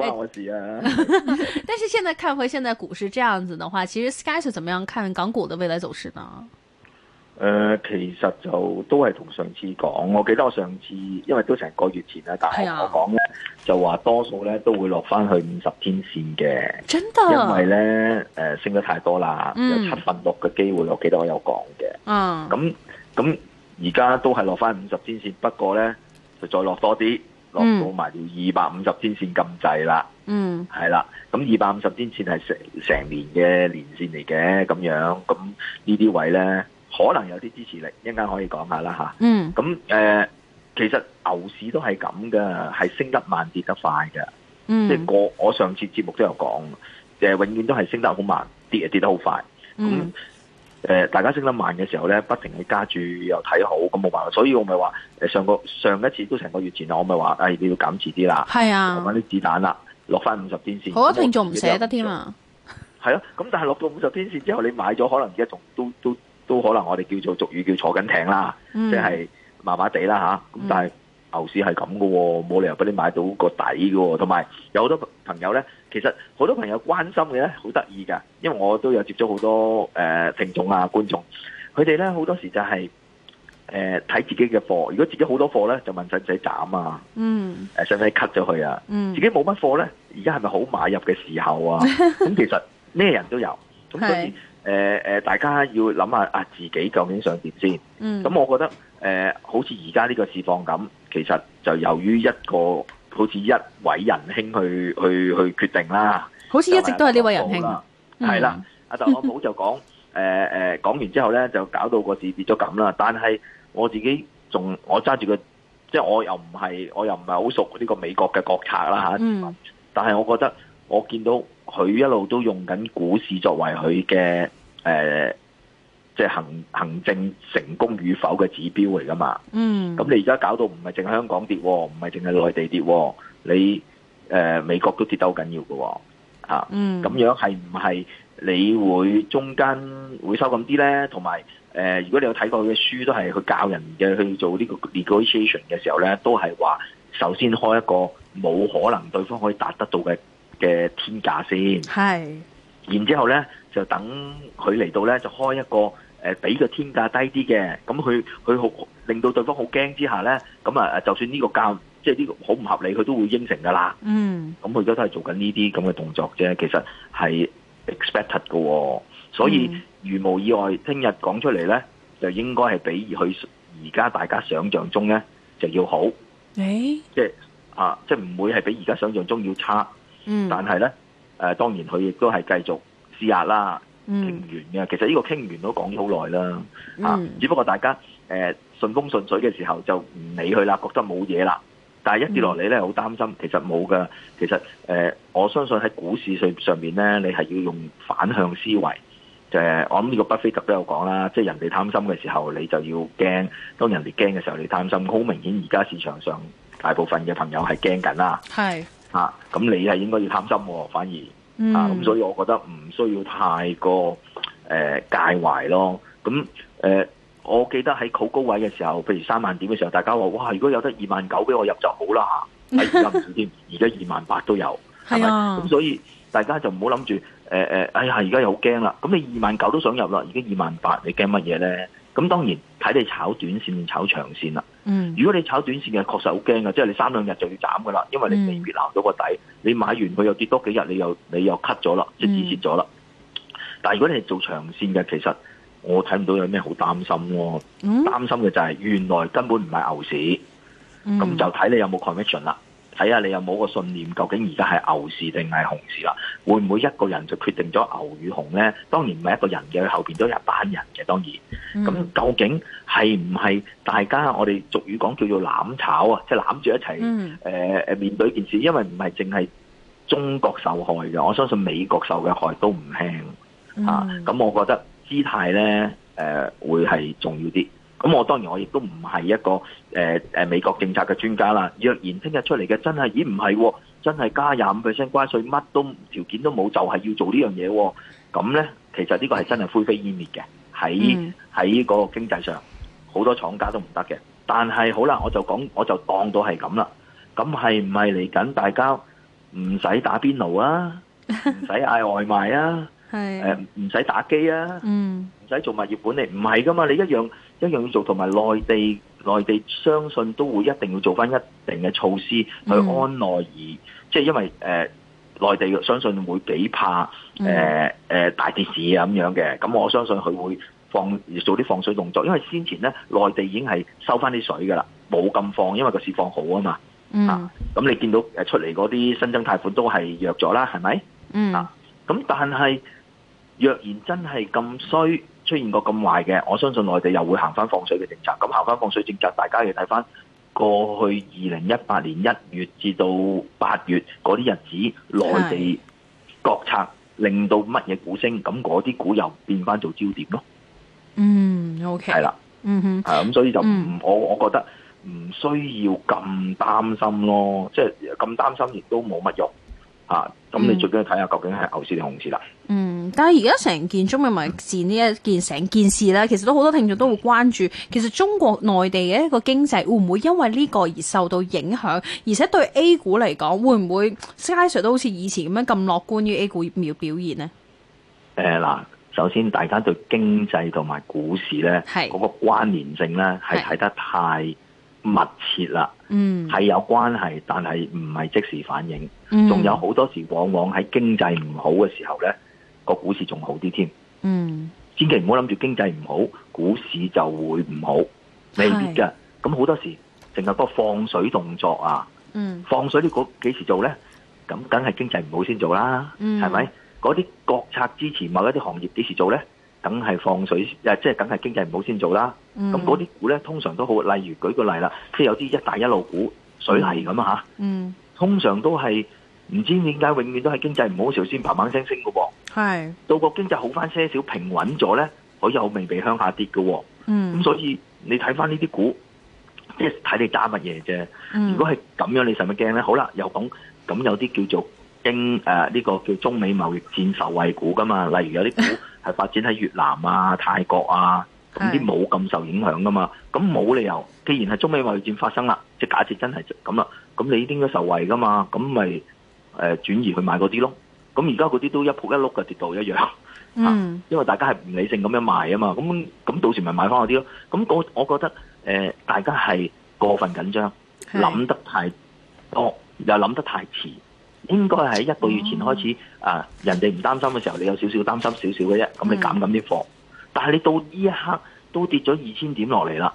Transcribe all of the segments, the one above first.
關我事啊！ 但是現在看回現在股市這樣子的話，其實 Sky 是怎麼樣看港股的未來走勢呢？誒、呃，其實就都係同上次講，我記得我上次因為都成個月前啦，但係我講咧就話多數咧都會落翻去五十天線嘅。真的？因為咧誒、呃、升得太多啦，嗯、有七分六嘅機會，我記得我有講嘅。嗯。咁咁而家都係落翻五十天線，不過咧就再落多啲。落到埋條二百五十天線咁滯啦，係啦，咁二百五十天線係成成年嘅連線嚟嘅，咁樣，咁呢啲位咧，可能有啲支持力，一陣間可以講下啦吓。咁誒、嗯呃，其實牛市都係咁嘅，係升得慢，跌得快嘅。即係我我上次節目都有講，誒，永遠都係升得好慢，跌啊跌得好快。嗯誒、呃，大家升得慢嘅時候咧，不停喺加注又睇好，咁冇辦法，所以我咪話，誒、呃、上個上一次都成個月前啦，我咪話，哎你要減持啲啦，係啊，啲子彈啦，落翻五十天線，好一定仲唔捨得添回了啊，係咯，咁但係落到五十天線之後，你買咗可能而家仲都都都可能我哋叫做俗語叫坐緊艇啦，即係麻麻地啦吓，咁、啊、但係。嗯牛市係咁嘅喎，冇理由俾你買到個底嘅喎、哦。同埋有好多朋友咧，其實好多朋友關心嘅咧，好得意㗎！因為我都有接觸好多誒、呃、聽眾啊、觀眾，佢哋咧好多時就係誒睇自己嘅貨。如果自己好多貨咧，就問使唔使斬啊？嗯。使唔使 cut 咗佢啊？嗯、自己冇乜貨咧，而家係咪好買入嘅時候啊？咁 其實咩人都有，咁所以誒大家要諗下啊自己究竟想點先？咁、嗯、我覺得。誒、呃，好似而家呢個市況咁，其實就由於一個好似一位仁兄去去去決定啦，好似一直都係呢位仁兄，係、嗯、啦，阿特朗普就講，誒、 呃、講完之後咧，就搞到個市跌咗咁啦。但係我自己仲我揸住個，即、就、係、是、我又唔係我又唔係好熟呢個美國嘅國策啦、嗯、但係我覺得我見到佢一路都用緊股市作為佢嘅誒。呃即係行行政成功與否嘅指標嚟噶嘛？嗯，咁你而家搞到唔係淨係香港跌，哦，唔係淨係內地跌，哦，你誒、呃、美國都跌得好緊要噶、哦，啊、咁、嗯、樣係唔係你會中間會收咁啲咧？同埋誒，如果你有睇過佢嘅書都係佢，都係去教人嘅去做呢個 negotiation 嘅時候咧，都係話首先開一個冇可能對方可以達得到嘅嘅天價先，係是，然之後咧就等佢嚟到咧就開一個。誒俾個天價低啲嘅，咁佢佢好令到對方好驚之下咧，咁啊就算呢個價，即係呢個好唔合理，佢都會應承噶啦。嗯，咁佢而家都係做緊呢啲咁嘅動作啫，其實係 expected 喎、哦。所以、嗯、如無意外，聽日講出嚟咧，就應該係比而佢而家大家想象中咧就要好。誒、欸，即係啊，即係唔會係比而家想象中要差。嗯，但係咧誒，當然佢亦都係繼續施壓啦。傾完嘅，其實呢個傾完都講咗好耐啦，嗯、啊，只不過大家誒、呃、順風順水嘅時候就唔理佢啦，覺得冇嘢啦。但係一跌落嚟咧，好、嗯、擔心。其實冇㗎，其實誒、呃，我相信喺股市上上面咧，你係要用反向思維，就係、是、我諗呢個巴菲特都有講啦，即、就、係、是、人哋貪心嘅時候，你就要驚；當人哋驚嘅時候，你貪心。好明顯，而家市場上大部分嘅朋友係驚緊啦，係是啊，咁你係應該要貪心喎，反而。嗯、啊，咁所以我覺得唔需要太過誒、呃、介懷咯。咁誒、呃，我記得喺好高位嘅時候，譬如三萬點嘅時候，大家話哇，如果有得二萬九俾我入就好啦，吓，而家唔少添。而家二萬八都有，係咪？ 咁所以大家就唔好諗住誒誒，哎呀，而家又好驚啦。咁你二萬九都想入啦，而家二萬八，你驚乜嘢咧？咁當然睇你炒短線炒長線啦、啊。嗯、如果你炒短線嘅確實好驚嘅，即係你三兩日就要斬嘅啦，因為你未必撈到個底，你買完佢又跌多幾日，你又你又 cut 咗啦，即係止蝕咗啦。嗯、但係如果你係做長線嘅，其實我睇唔到有咩好擔心喎、啊。嗯、擔心嘅就係、是、原來根本唔係牛市，咁就睇你有冇 correction 啦。睇下你有冇個信念，究竟而家係牛市定係熊市啦、啊？會唔會一個人就決定咗牛與熊咧？當然唔係一個人嘅，後邊都有一班人嘅。當然，咁究竟係唔係大家我哋俗語講叫做攬炒啊？即係攬住一齊誒誒面對件事，因為唔係淨係中國受害嘅，我相信美國受嘅害都唔輕啊。咁我覺得姿態咧誒、呃、會係重要啲。咁我當然我亦都唔係一個、呃、美國政策嘅專家啦。若然聽日出嚟嘅真係，咦唔係、哦，真係加廿五 percent 關稅，乜都條件都冇，就係、是、要做、哦、樣呢樣嘢。咁咧，其實呢個係真係灰飛煙滅嘅，喺喺個經濟上好多廠家都唔得嘅。但係好啦，我就講我就當到係咁啦。咁係唔係嚟緊大家唔使打邊爐啊，唔使嗌外賣啊？ 係誒，唔使、嗯、打機啊，唔使、嗯、做物業管理，唔係噶嘛？你一樣一樣要做，同埋內地內地相信都會一定要做翻一定嘅措施去安內而，而即係因為誒、呃、內地相信會幾怕誒、呃嗯呃、大跌市咁樣嘅，咁我相信佢會放做啲放水動作，因為先前咧內地已經係收翻啲水噶啦，冇咁放，因為個市放好啊嘛，嗯、啊咁你見到出嚟嗰啲新增貸款都係弱咗啦，係咪？嗯、啊，咁但係。若然真係咁衰出現過咁壞嘅，我相信內地又會行翻放水嘅政策。咁行翻放水政策，大家要睇翻過去二零一八年一月至到八月嗰啲日子，的內地國策令到乜嘢股升，咁嗰啲股又變翻做焦點咯。嗯、mm，OK mm。係、hmm. 啦、mm，嗯、hmm. 哼，係啊，咁所以就唔我、mm hmm. 我覺得唔需要咁擔心咯，即係咁擔心亦都冇乜用。啊！咁你最緊要睇下究竟係牛市定熊市啦。嗯，但係而家成件中美貿易戰呢一件成件事咧，其實都好多聽眾都會關注。其實中國內地嘅一個經濟會唔會因為呢個而受到影響？而且對 A 股嚟講，會唔會實際上都好似以前咁樣咁樂觀於 A 股有有表現呢？誒，嗱，首先大家對經濟同埋股市咧，係嗰是個關聯性咧，係睇是得太。密切啦，係、嗯、有關係，但係唔係即時反應。仲、嗯、有好多時，往往喺經濟唔好嘅時候咧，個股市仲好啲添。嗯、千祈唔好諗住經濟唔好，股市就會唔好，未必㗎。咁好是多時，淨係放水動作啊，嗯、放水呢個幾時做咧？咁梗係經濟唔好先做啦，係咪、嗯？嗰啲國策支持某一啲行業幾時做咧？梗係放水，誒、啊，即係梗係經濟唔好先做啦。咁嗰啲股咧，通常都好，例如舉個例啦，即係有啲一帶一路股水泥咁嚇，啊嗯、通常都係唔知點解，永遠都係經濟唔好時先慢慢升升嘅喎。是到個經濟好翻些少，平穩咗咧，好有命被向下跌嘅喎。咁、嗯、所以你睇翻呢啲股，即係睇你打乜嘢啫。嗯、如果係咁樣，你使乜驚咧？好啦，又講咁有啲叫做經誒呢、啊呢個叫中美貿易戰受惠股嘅嘛，例如有啲股。 係發展喺越南啊、泰國啊，咁啲冇咁受影響噶嘛，咁冇是的 理由，既然係中美貿易戰發生啦，即係假設真係咁啦，咁你應該受惠噶嘛？咁咪誒轉移去買嗰啲咯？咁而家嗰啲都一仆一碌嘅跌到一樣，嗯、啊，因為大家係唔理性咁樣賣啊嘛，咁咁到時咪買翻嗰啲咯？咁、那、我、個、我覺得誒、呃，大家係過分緊張，諗是的 得太多又諗得太遲。應該係一個月前開始，mm hmm. 啊，人哋唔擔心嘅時候，你有少少擔心少少嘅啫。咁你減緊啲貨，mm hmm. 但係你到呢一刻都跌咗二千點落嚟啦。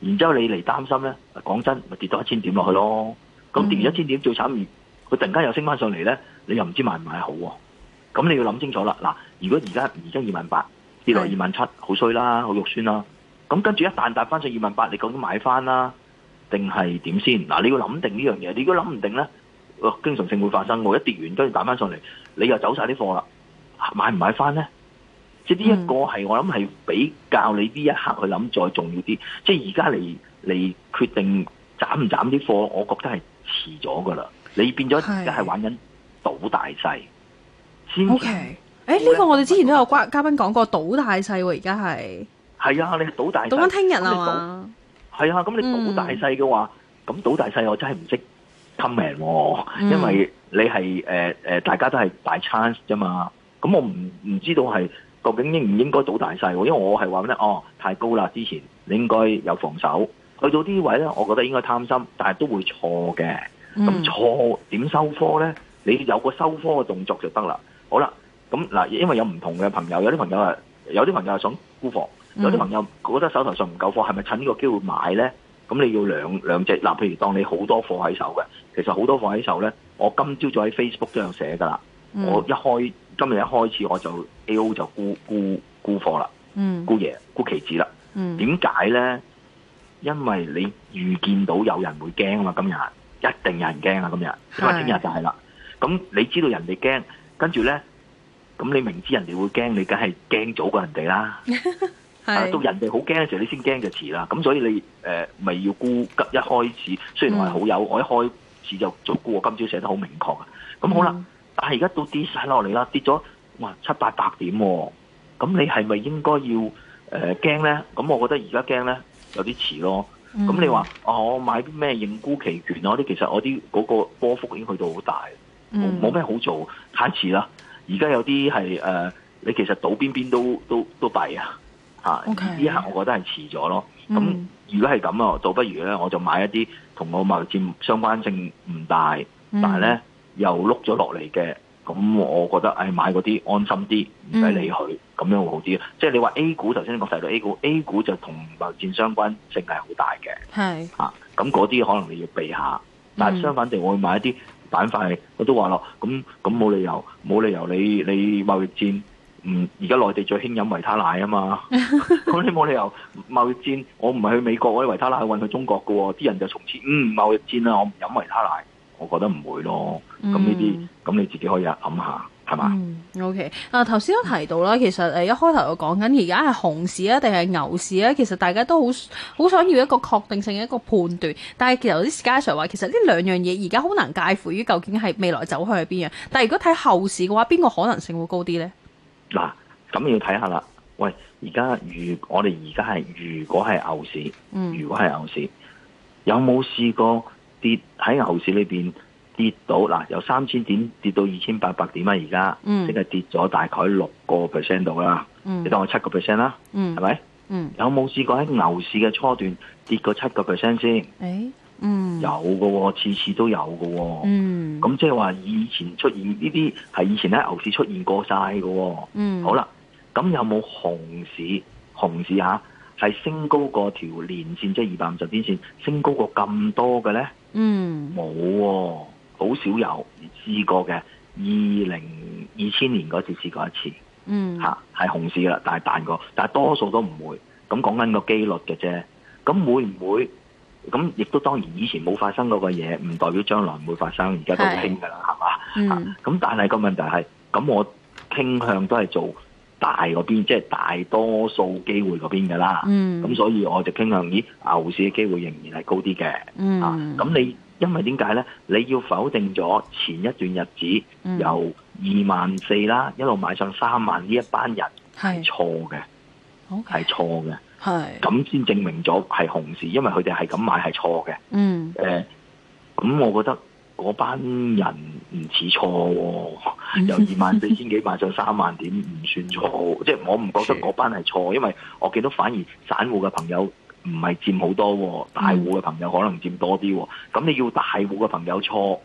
然之後你嚟擔心咧，講真，咪跌多一千點落去咯。咁、mm hmm. 跌完一千點最慘，佢突然間又升翻上嚟咧，你又唔知買唔買好喎、啊。咁你要諗清楚啦。嗱，如果而家而家二萬八跌落二萬七，好衰、mm hmm. 啦，好肉酸啦。咁跟住一彈彈翻上二萬八，你究竟買翻啦，定係點先？嗱，你要諗定，定呢樣嘢。你如果諗唔定咧？我經常性會發生，我一跌完都要彈翻上嚟，你又走晒啲貨啦，買唔買翻呢？即係呢一個係、嗯、我諗係比較你呢一刻去諗再重要啲。即係而家嚟嚟決定斬唔斬啲貨，我覺得係遲咗噶啦。你變咗而家係玩緊賭大細先。O K，誒呢個我哋之前都有嘉賓講過賭大細喎、啊，而家係係啊，你賭大細，講緊聽人啊嘛。係啊，咁你賭大細嘅話，咁、嗯、賭大細我真係唔識。comment，因為你係、呃、大家都係大 chance 啫嘛。咁我唔唔知道係究竟應唔應該賭大細，因為我係話咧，哦太高啦，之前你應該有防守。去到啲位咧，我覺得應該貪心，但係都會錯嘅。咁錯點收科咧？你有個收科嘅動作就得啦。好啦，咁嗱，因為有唔同嘅朋友，有啲朋友係有啲朋友係想沽貨，有啲朋友覺得手頭上唔夠貨，係咪趁呢個機會買咧？咁你要兩兩隻，嗱、啊，譬如當你好多貨喺手嘅，其實好多貨喺手咧，我今朝早喺 Facebook 都有寫噶啦。嗯、我一開今日一開始我就 A.O. 就沽沽沽貨啦，沽嘢沽期指啦。點解咧？因為你預見到有人會驚啊嘛！今日一定有人驚啊！今日因為聽日就係啦，咁是你知道人哋驚，跟住咧，咁你明知人哋會驚，你梗係驚早過人哋啦。 啊、到人哋好驚嘅時候，你先驚嘅遲啦。咁所以你誒咪、呃、要沽急。一開始雖然我係好友，嗯、我一開始就做沽。我今朝寫得好明確咁好啦，嗯、但係而家到跌晒落嚟啦，跌咗哇七八百點，哦。咁你係咪應該要誒驚咧？咁、呃、我覺得而家驚咧有啲遲咯。咁、嗯、你話、哦、我買啲咩認沽期權啊？啲其實我啲嗰個波幅已經去到好大，冇咩、嗯、好做，太遲啦。而家有啲係誒，你其實倒邊邊都都都弊啊。Okay. 啊！呢下我覺得係遲咗咯。咁、嗯嗯、如果係咁啊，倒不如咧，我就買一啲同我貿易戰相關性唔大，嗯、但係咧又碌咗落嚟嘅。咁、嗯、我覺得誒、哎、買嗰啲安心啲，唔使理佢，咁、嗯、樣會好啲。即係你話 A 股頭先你講細路 A 股，A 股就同貿易戰相關性係好大嘅。係是啊，咁嗰啲可能你要避下。但係相反地，我會買一啲板塊。我都話咯，咁咁冇理由，冇理由你你貿易戰。嗯，而家內地最興飲維他奶啊嘛，咁 你冇理由貿易戰。我唔係去美國我啲維他奶運去中國㗎喎，啲人就從此嗯貿易戰啦。我唔飲維他奶，我覺得唔會咯。咁呢啲咁你自己可以諗下，係嘛？O K. 啊，頭先都提到啦，其實一開頭我講緊而家係熊市啊定係牛市咧，啊。其實大家都好好想要一個確定性嘅一個判斷，但係有啲街 Sir 話，其實呢兩樣嘢而家好難介乎於究竟係未來走向係邊樣。但係如果睇後市嘅話，邊個可能性會高啲咧？嗱，咁、啊、要睇下啦。喂，而家如我哋而家係如果係牛市，嗯、如果係牛市，有冇試過跌喺牛市裏邊跌到嗱？由三千點跌到二千八百點啊！而家即係跌咗大概六個 percent 度㗎啦。嗯、你當我七個 percent 啦，係咪？有冇試過喺牛市嘅初段跌過七個 percent 先？哎嗯，有㗎喎、哦，次次都有㗎喎、哦。嗯，咁即係話以前出現呢啲係以前咧牛市出現過晒嘅、哦。嗯，好啦，咁有冇熊市？熊市吓、啊、係升高過條連線，即係二百五十天線，升高過咁多嘅咧？嗯，冇、哦，好少有試過嘅。二零二千年嗰次試過一次。嗯，吓係、啊、熊市啦，但係彈過，但係多數都唔會。咁講緊個幾率嘅啫。咁會唔會？咁亦都當然，以前冇發生過嗰個嘢，唔代表將來唔會發生。而家都興㗎啦，係嘛？咁但係個問題係，咁我傾向都係做大嗰邊，即係大多數機會嗰邊㗎啦。咁、嗯、所以我就傾向咦，牛市嘅機會仍然係高啲嘅。咁、嗯啊、你因為點解呢？你要否定咗前一段日子由二萬四啦，一路買上三萬呢一班人係錯嘅，係是錯嘅。okay. 咁先 證明咗係熊市，因為佢哋係咁買係錯嘅。嗯，咁、呃、我覺得嗰班人唔似錯、哦， 由二萬四千幾買上三萬點，唔算錯、哦。 即係我唔覺得嗰班係錯，因為我見到反而散戶嘅朋友唔係佔好多、哦，大戶嘅朋友可能佔多啲、哦。咁、嗯、你要大戶嘅朋友錯，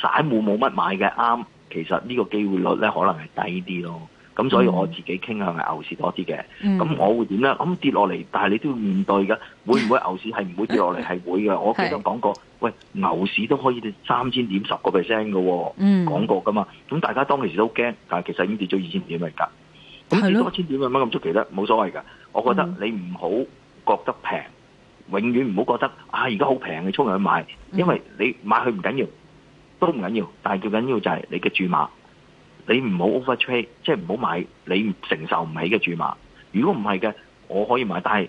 散戶冇乜買嘅，啱。其實呢個機會率咧，可能係低啲咯。咁、嗯、所以我自己傾向係牛市多啲嘅，咁、嗯、我會點咧？咁跌落嚟，但係你都要面對嘅。會唔會牛市係唔會跌落嚟？係 會嘅。我記得講過，喂，牛市都可以三千點十個 percent 嘅，講、哦嗯、過噶嘛。咁大家當其時都驚，但係其實已經跌咗二千點㗎。咁的跌多千點咁乜咁出奇咧？冇所謂㗎。我覺得你唔好覺得平，嗯、永遠唔好覺得啊！而家好平，你衝入去買，嗯、因為你買佢唔緊要，都唔緊要。但係最緊要就係你嘅注碼。你唔好 overtrade，即係唔好買你承受唔起嘅注碼。如果唔係嘅，我可以買。但係，誒、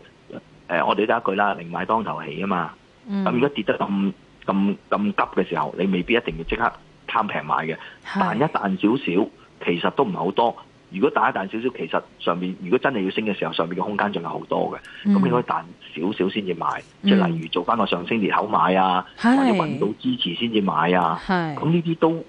呃，我哋得一句啦，寧買當頭起啊嘛。咁、嗯嗯、如果跌得咁咁咁急嘅時候，你未必一定要即刻貪平買嘅。彈是一彈少少，其實都唔係好多。如果彈一彈少少，其實上面如果真係要升嘅時候，上面嘅空間仲有好多嘅。咁、嗯、你可以彈少少先至買，即係、嗯、例如做翻個上升裂口買啊，是或者揾到支持先至買啊。咁呢啲都。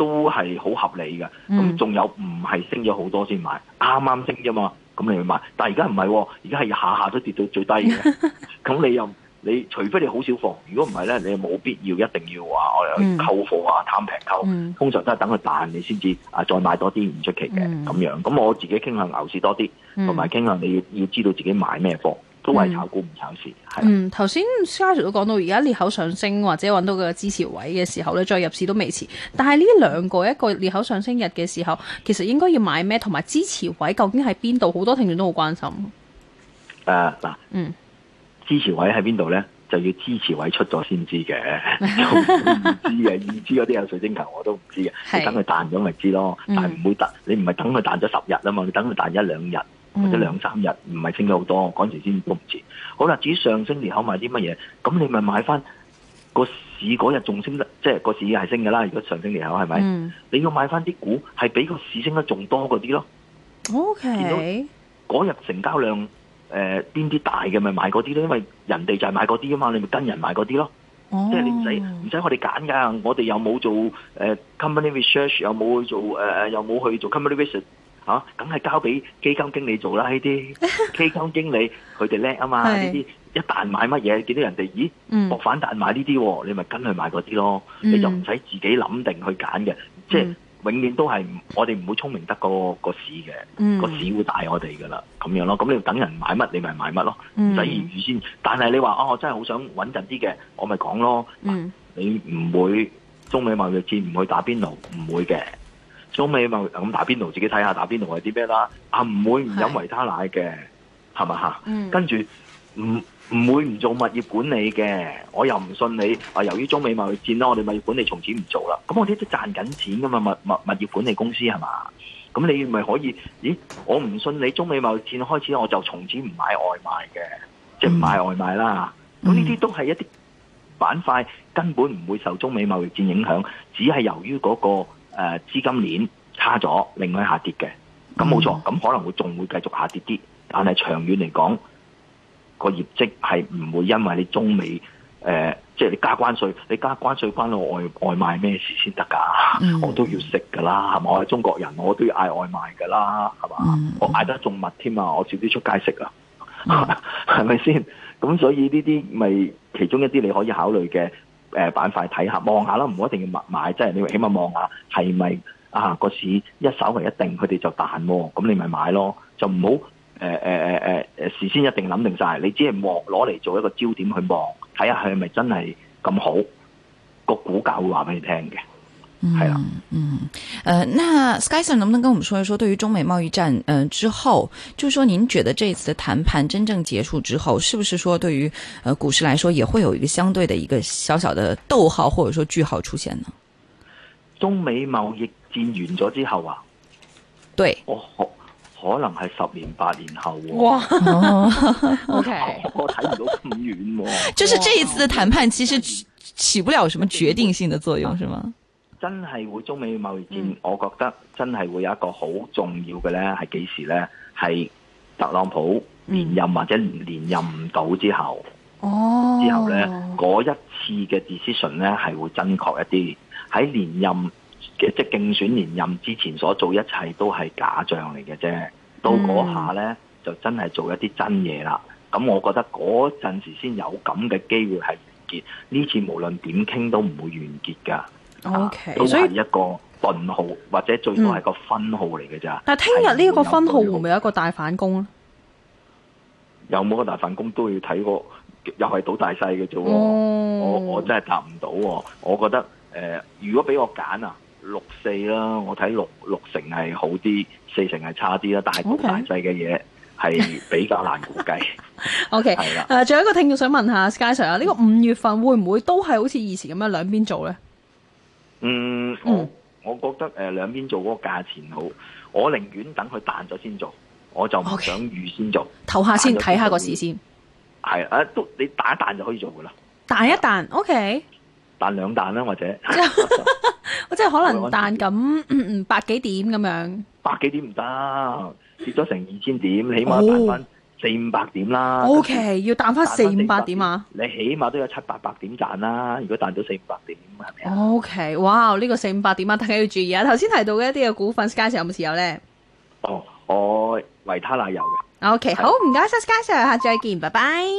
都係好合理嘅，咁仲有唔係升咗好多先買，啱啱、嗯、升啫嘛，咁你去買，但係而家唔係，而家係下下都跌到最低的，嘅。咁你又，你除非你好少貨，如果唔係咧，你冇必要一定要話我哋去溝貨啊，貪平溝，嗯、通常都係等佢彈你先至啊，再買多啲唔出奇嘅咁、嗯、樣，咁我自己傾向牛市多啲，同埋傾向你要知道自己買咩貨。都係炒股唔炒市，係。嗯，頭先 Charles 都講到，而家裂口上升或者揾到個支持位嘅時候咧，再入市都未遲。但係呢兩個一個裂口上升日嘅時候，其實應該要買咩？同埋支持位究竟喺邊度？好多聽眾都好關心。誒、啊，嗱，嗯，支持位喺邊度咧？就要支持位出咗先知嘅，唔知嘅，唔 知嗰啲有水晶球我都唔知嘅，是你等佢彈咗咪知咯。嗯、但係唔會彈，你唔係等佢彈咗十日啊嘛，你等佢彈一兩日，或者兩三日唔係升咗好多，嗰時先都唔遲。好啦，至於上升年口買啲乜嘢，咁你咪買翻個市嗰日仲升，即係個市係升嘅啦。如果上升年口係咪？是是嗯、你要買翻啲股係比個市升得仲多嗰啲咯。OK，見到嗰日成交量，誒、呃，邊啲大嘅咪買嗰啲咯，因為人哋就係買嗰啲啊嘛，你咪跟人買嗰啲咯。哦、即係你唔使唔使我哋揀噶，我哋又冇做誒、呃、company research，又冇去做誒誒，又、呃、冇去做 company visit。嚇，梗係、啊、交俾基金經理做啦！呢啲基金經理佢哋叻啊嘛！呢啲是一旦買乜嘢，見到人哋咦博、嗯哦、反彈買呢啲，你咪跟佢買嗰啲咯。你就唔使、嗯、自己諗定去揀嘅，嗯、即係永遠都係我哋唔會聰明得過個、那個市嘅，嗯、個市會帶我哋噶啦咁樣咯。咁你要等人買乜，你咪買乜咯。例如、嗯、先，但係你話哦，我真係好想穩陣啲嘅，我咪講咯。嗯、你唔會中美貿易戰唔會打邊爐，唔會嘅。中美貿易咁打邊爐，自己睇下打邊爐係啲咩啦。啊，唔會唔飲維他奶嘅，係咪吓？嗯，跟住唔唔會唔做物業管理嘅，我又唔信你。啊，由於中美貿易戰啦，我哋物業管理從此唔做啦。咁我哋都賺緊錢噶嘛，物物物業管理公司係嘛？咁你咪可以？咦，我唔信你中美貿易戰開始，我就從此唔買外賣嘅，即係唔買外賣啦。咁呢啲都係一啲板塊根本唔會受中美貿易戰影響，只係由於嗰個。誒，資、uh, 金鏈差咗，令佢下跌嘅，咁冇錯，咁可能會仲會繼續下跌啲，嗯、但係長遠嚟講，個業績係唔會因為你中美誒，即、呃、係、就是、你加關稅，你加關稅關到外外賣咩事先得噶？嗯、我都要食噶啦，係咪？我係中國人，我都要嗌外賣噶啦，係嘛？嗯、我嗌得仲密添啊！我少啲出街食啊，係咪先？咁所以呢啲咪其中一啲你可以考慮嘅。誒、板塊睇下，望下啦，唔好一定要買，即係你起碼望下係咪啊，個市一手係一定佢哋就彈，哦，咁你咪買咯，就唔好誒誒誒事先一定諗定晒。你只係望攞嚟做一個焦點去望，睇下佢係咪真係咁好，個股價會話俾你聽嘅。嗯嗯，呃、啊嗯，那 Sky Sir 能不能跟我們說一說，對於中美貿易戰嗯之後，就是說，您覺得這一次的談判真正結束之後，是不是說對於呃股市來說也會有一個相對的一個小小的逗號或者說句號出現呢？中美貿易戰完咗之後啊，對，我可可能係十年八年後、啊、哇，OK，我睇唔到咁遠，就是這一次的談判其實起不了什麼決定性的作用，是嗎？真係會中美貿易戰，我覺得真係會有一個好重要嘅。呢係幾時？呢係特朗普連任或者連任唔到之後，之後呢嗰、哦、一次嘅 decision 呢係會真確一啲。喺連任嘅即係競選連任之前所做一切都係假象嚟嘅啫，到嗰下呢，就真係做一啲真嘢啦。咁我覺得嗰陣時先有咁嘅機會係完結。呢次無論點傾都唔會完結㗎。O.K. 所以一個頓號或者最多係個分號嚟嘅咋。但係聽日呢一個分號，會唔會有一個大反攻咧？有冇個大反攻都要睇過又係賭大細嘅啫。我我真係答唔到、哦。我覺得誒、呃，如果俾我揀啊，六四啦，我睇六六成係好啲，四成係差啲啦。但係大細嘅嘢係比較難估計。O.K. 係啦。誒，仲有一個聽眾想問下 Skysir 啊，呢個五月份會唔會都係好似以前咁樣兩邊做咧？嗯，嗯我我覺得誒，兩、呃、邊做嗰個價錢好，我寧願等佢彈咗先做，我就唔想預先做，投下先睇下個市先。係彈啊，都你彈一彈就可以做噶啦。彈一彈，OK。彈兩彈啦，或者我真係可能彈咁百幾點咁樣。百幾點唔得，跌咗成二千點，起碼彈翻。哦四五百點啦，O Okay , K 樣要彈翻四五百點啊！點你起碼都有七八百點賺啦，如果彈咗四五百點，咁係咪 O K，哇！呢個四五百點啊，大家要注意啊！頭先提到嘅一啲嘅股份，Sky 上有冇持有咧？哦，我、呃、維他奶有嘅。O Okay , K，的好唔該曬 Sky 上，Sir，下次再見，拜拜。